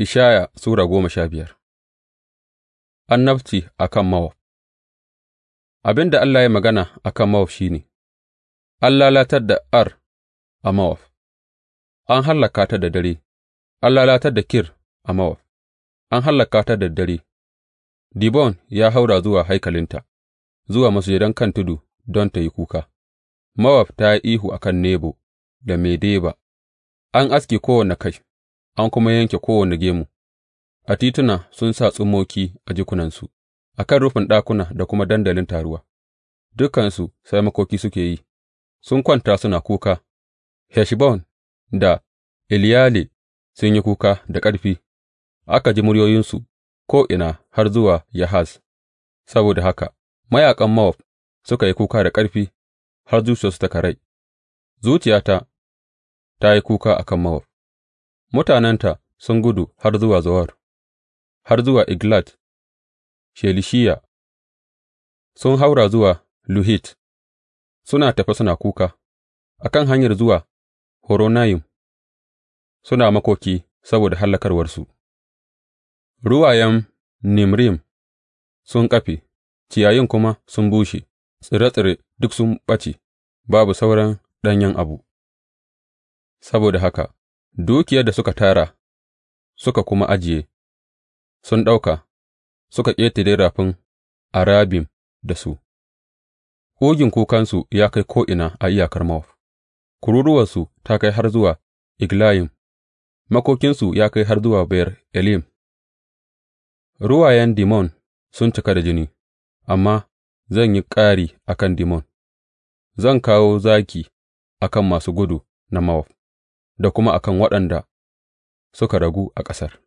Ishaya Sura goma sha biyar Annabci a kan Mawab Abin da Allah ya magana a kan Mawab shi ne, An lalatar da Ar a Mawab, an hallaka ta da dare, an lalatar da Kir a Mawab, an hallaka ta da dare, Dibon ya haura zuwa haikalinta, zuwa masu masujadan kan tudu don ta yi kuka, Mawaf ta yi ihu a kan Nebo da Medeba, an aske kowane kai. an kuma yanke kowane gemu, a tituna sun sa tsummoki a jikunansu, a kan rufin ɗakuna da kuma dandalin taruwa, dukansu sai makoki suke yi, sun kwanta suna kuka, Heshbon da Eliyale sun yi kuka da ƙarfi, aka ji muryoyinsu ko'ina har zuwa Yahaz, saboda haka mayaƙan Mowab suka yi kuka da ƙarfi har zuciyarsu ta karai, zuciyata ta yi kuka a kan Mowab. mutanenta sun gudu har zuwa Zowar, har zuwa Eglat Shelishiya, sun haura zuwa Luhit, suna tafe suna kuka, a kan hanyar zuwa Horonayim, suna makoki saboda hallakarwarsu. Ruwayen Nimrim sun ƙafe, ciyayin kuma sun bushe, tsire-tsire duk sun ɓace, babu sauran ɗanyen abu, saboda haka. dukiyar da suka tara suka kuma ajiye, sun ɗauka, suka ƙetare rafin Arabim da su, ƙugin kukansu ya kai ko'ina a iyakar Mowab, kururuwarsu ta kai har zuwa Iglayim, makokinsu ya kai har zuwa Bayar Elim. Ruwayen Dimon sun cika da jini, amma zan yi ƙari a kan Dimon, zan kawo zaki a kan masu gudu na Mowab. da kuma a kan waɗanda suka ragu a ƙasar.